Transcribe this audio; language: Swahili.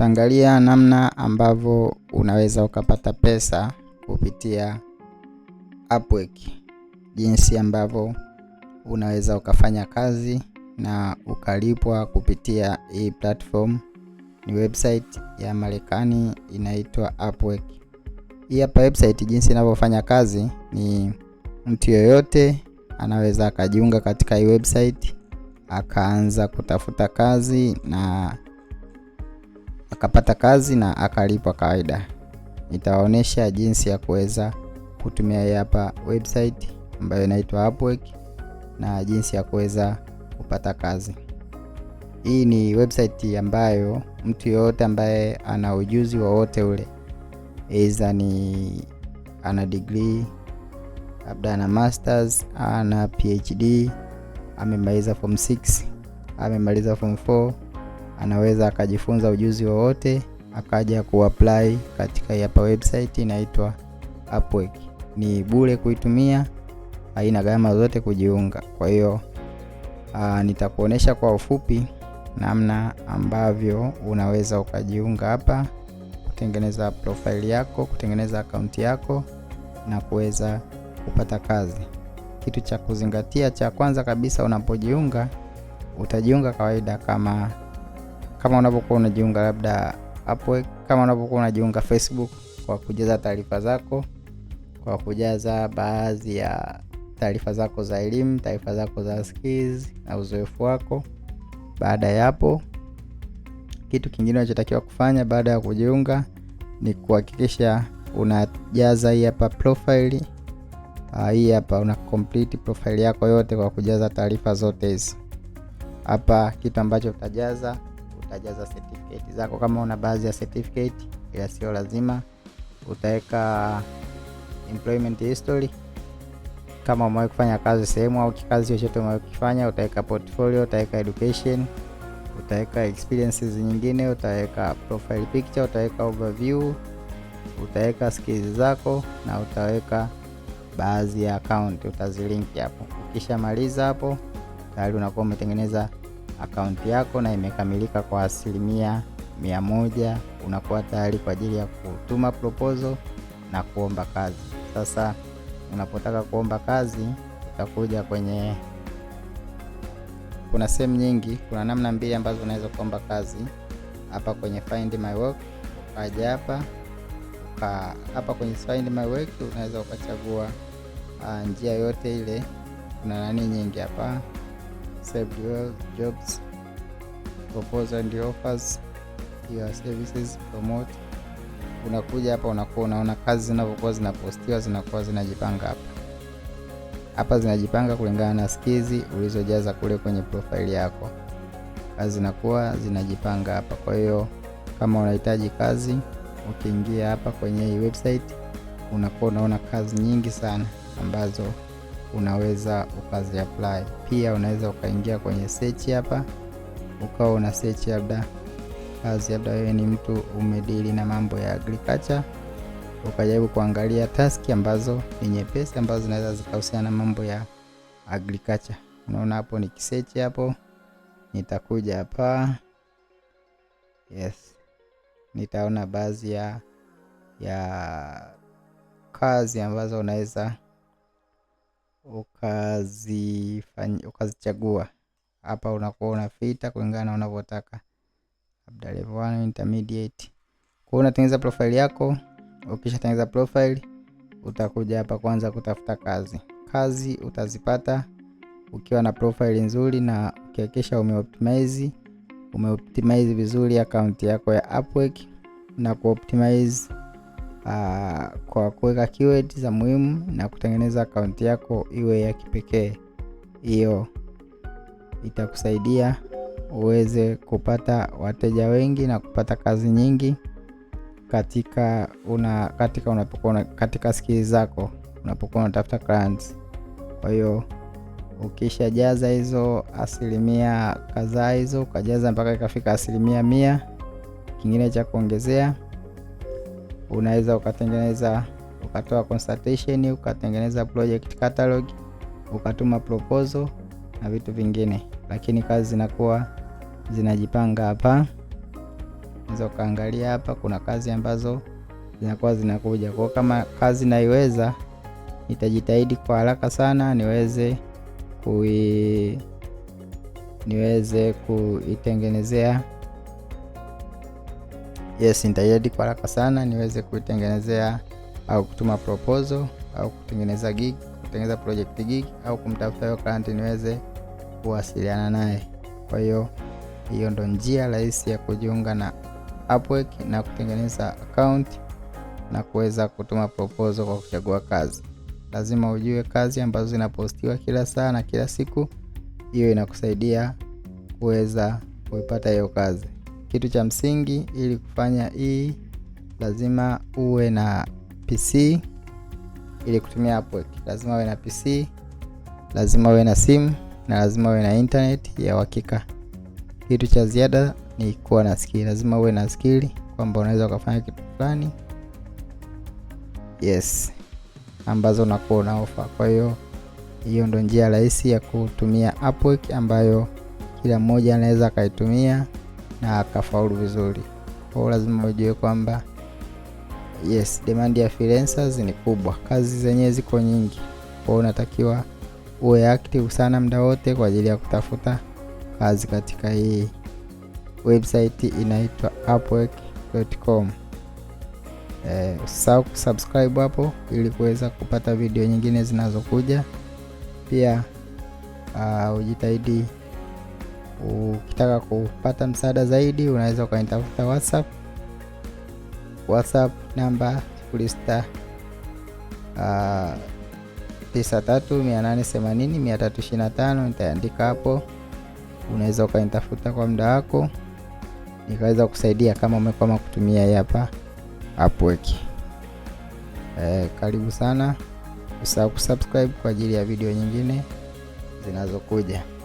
Tutaangalia namna ambavyo unaweza ukapata pesa kupitia Upwork, jinsi ambavyo unaweza ukafanya kazi na ukalipwa kupitia hii platform. Ni website ya Marekani inaitwa Upwork. Hii hapa website jinsi inavyofanya kazi ni mtu yoyote anaweza akajiunga katika hii website akaanza kutafuta kazi na akapata kazi na akalipwa kawaida. Nitawaonyesha jinsi ya kuweza kutumia hii hapa website ambayo inaitwa Upwork na jinsi ya kuweza kupata kazi. Hii ni website ambayo mtu yoyote ambaye ana ujuzi wowote ule, aidha ni ana degree labda ana masters, ana PhD, amemaliza form 6, amemaliza form 4 anaweza akajifunza ujuzi wowote akaja kuapply katika hapa website inaitwa Upwork. Ni bure kuitumia, haina gharama zote kujiunga. Kwa hiyo nitakuonesha kwa ufupi namna ambavyo unaweza ukajiunga hapa, kutengeneza profile yako, kutengeneza akaunti yako na kuweza kupata kazi. Kitu cha kuzingatia cha kwanza kabisa, unapojiunga utajiunga kawaida kama kama unapokuwa unajiunga labda Upwork, kama unapokuwa unajiunga Facebook kwa kujaza taarifa zako, kwa kujaza baadhi ya taarifa zako za elimu, taarifa zako za skills na uzoefu wako. Baada ya hapo, kitu kingine unachotakiwa kufanya baada ya kujiunga ni kuhakikisha unajaza hii hapa profile. Ah, hii hapa una complete profile yako yote kwa kujaza taarifa zote hizi hapa. Kitu ambacho utajaza utajaza certificate zako kama una baadhi ya certificate, ila sio lazima. Utaweka employment history kama umewahi kufanya kazi sehemu au kikazi chochote umewahi kufanya, utaweka portfolio, utaweka education, utaweka experiences nyingine, utaweka profile picture, utaweka overview, utaweka skills zako na utaweka baadhi ya account utazilink hapo. Ukishamaliza hapo, tayari unakuwa umetengeneza akaunti yako na imekamilika kwa asilimia mia moja, unakuwa tayari kwa ajili ya kutuma proposal na kuomba kazi. Sasa unapotaka kuomba kazi utakuja kwenye, kuna sehemu nyingi, kuna namna mbili ambazo unaweza kuomba kazi. Hapa kwenye find my work ukaja hapa uka, hapa kwenye find my work unaweza ukachagua ah, njia yote ile. Kuna nani nyingi hapa saved jobs, propose and offers your services, promote. Unakuja hapa unakuwa unaona kazi zinavyokuwa zinapostiwa zinakuwa zinajipanga hapa hapa, zinajipanga kulingana na skizi ulizojaza kule kwenye profaili yako. Kazi zinakuwa zinajipanga hapa. Kwa hiyo kama unahitaji kazi, ukiingia hapa kwenye hii website unakuwa unaona kazi nyingi sana ambazo unaweza ukazi apply. Pia unaweza ukaingia kwenye search hapa ukawa una search labda kazi, labda wewe ni mtu umedili na mambo ya agriculture, ukajaribu kuangalia taski ambazo ni nyepesi ambazo zinaweza zikahusiana na mambo ya agriculture. Unaona hapo ni kisechi hapo, nitakuja hapa yes, nitaona baadhi ya ya kazi ambazo unaweza ukazichagua hapa, unakuwa unafita kulingana na unavyotaka, labda level 1 intermediate. Kwa hiyo unatengeneza profile yako, ukishatengeneza profile utakuja hapa kwanza kutafuta kazi. Kazi utazipata ukiwa na profile nzuri na ukihakikisha umeoptimize umeoptimize vizuri akaunti yako ya Upwork na kuoptimize aa, ah, kwa kuweka keyword za muhimu na kutengeneza akaunti yako iwe ya kipekee. Hiyo itakusaidia uweze kupata wateja wengi na kupata kazi nyingi katika una, katika unapokuwa katika skills zako unapokuwa unatafuta clients. Kwa hiyo ukishajaza hizo asilimia kadhaa hizo, ukajaza mpaka ikafika asilimia mia, kingine cha kuongezea unaweza ukatengeneza ukatoa consultation, ukatengeneza project catalog, ukatuma proposal na vitu vingine, lakini kazi zinakuwa zinajipanga hapa. Unaweza ukaangalia hapa, kuna kazi ambazo zinakuwa zinakuja kwa, kama kazi naiweza, nitajitahidi kwa haraka sana niweze kui niweze kuitengenezea yes, nitaiedit kwa haraka sana niweze kuitengenezea au kutuma proposal au kutengeneza gig, kutengeneza project gig au kumtafuta hiyo client niweze kuwasiliana naye. Kwa hiyo hiyo ndo njia rahisi ya kujiunga na Upwork na kutengeneza account na kuweza kutuma proposal kwa kuchagua kazi. Lazima ujue kazi ambazo zinapostiwa kila saa na kila siku, hiyo inakusaidia kuweza kuipata hiyo kazi kitu cha msingi ili kufanya hii lazima uwe na PC. Ili kutumia Upwork lazima uwe na PC, lazima uwe na simu na lazima uwe na internet ya uhakika. Kitu cha ziada ni kuwa na skill, lazima uwe na skill kwamba unaweza ukafanya kitu fulani, yes, ambazo unakuwa una ofa. Kwa hiyo hiyo ndo njia rahisi ya kutumia Upwork ambayo kila mmoja anaweza akaitumia na akafaulu vizuri. Kwa lazima ujue kwamba yes, demand ya freelancers ni kubwa, kazi zenye ziko nyingi, kwa unatakiwa uwe active sana muda wote kwa ajili ya kutafuta kazi katika hii website inaitwa upwork.com. Eh, kusubscribe hapo ili kuweza kupata video nyingine zinazokuja. Pia uh, ujitahidi Ukitaka kupata msaada zaidi, unaweza ukanitafuta WhatsApp. WhatsApp namba sifuri uh, 93880325 nitaandika hapo. Unaweza ukanitafuta kwa muda wako nikaweza kusaidia kama umekwama kutumia hapa Upwork. eh, karibu sana. Usahau kusubscribe kwa ajili ya video nyingine zinazokuja.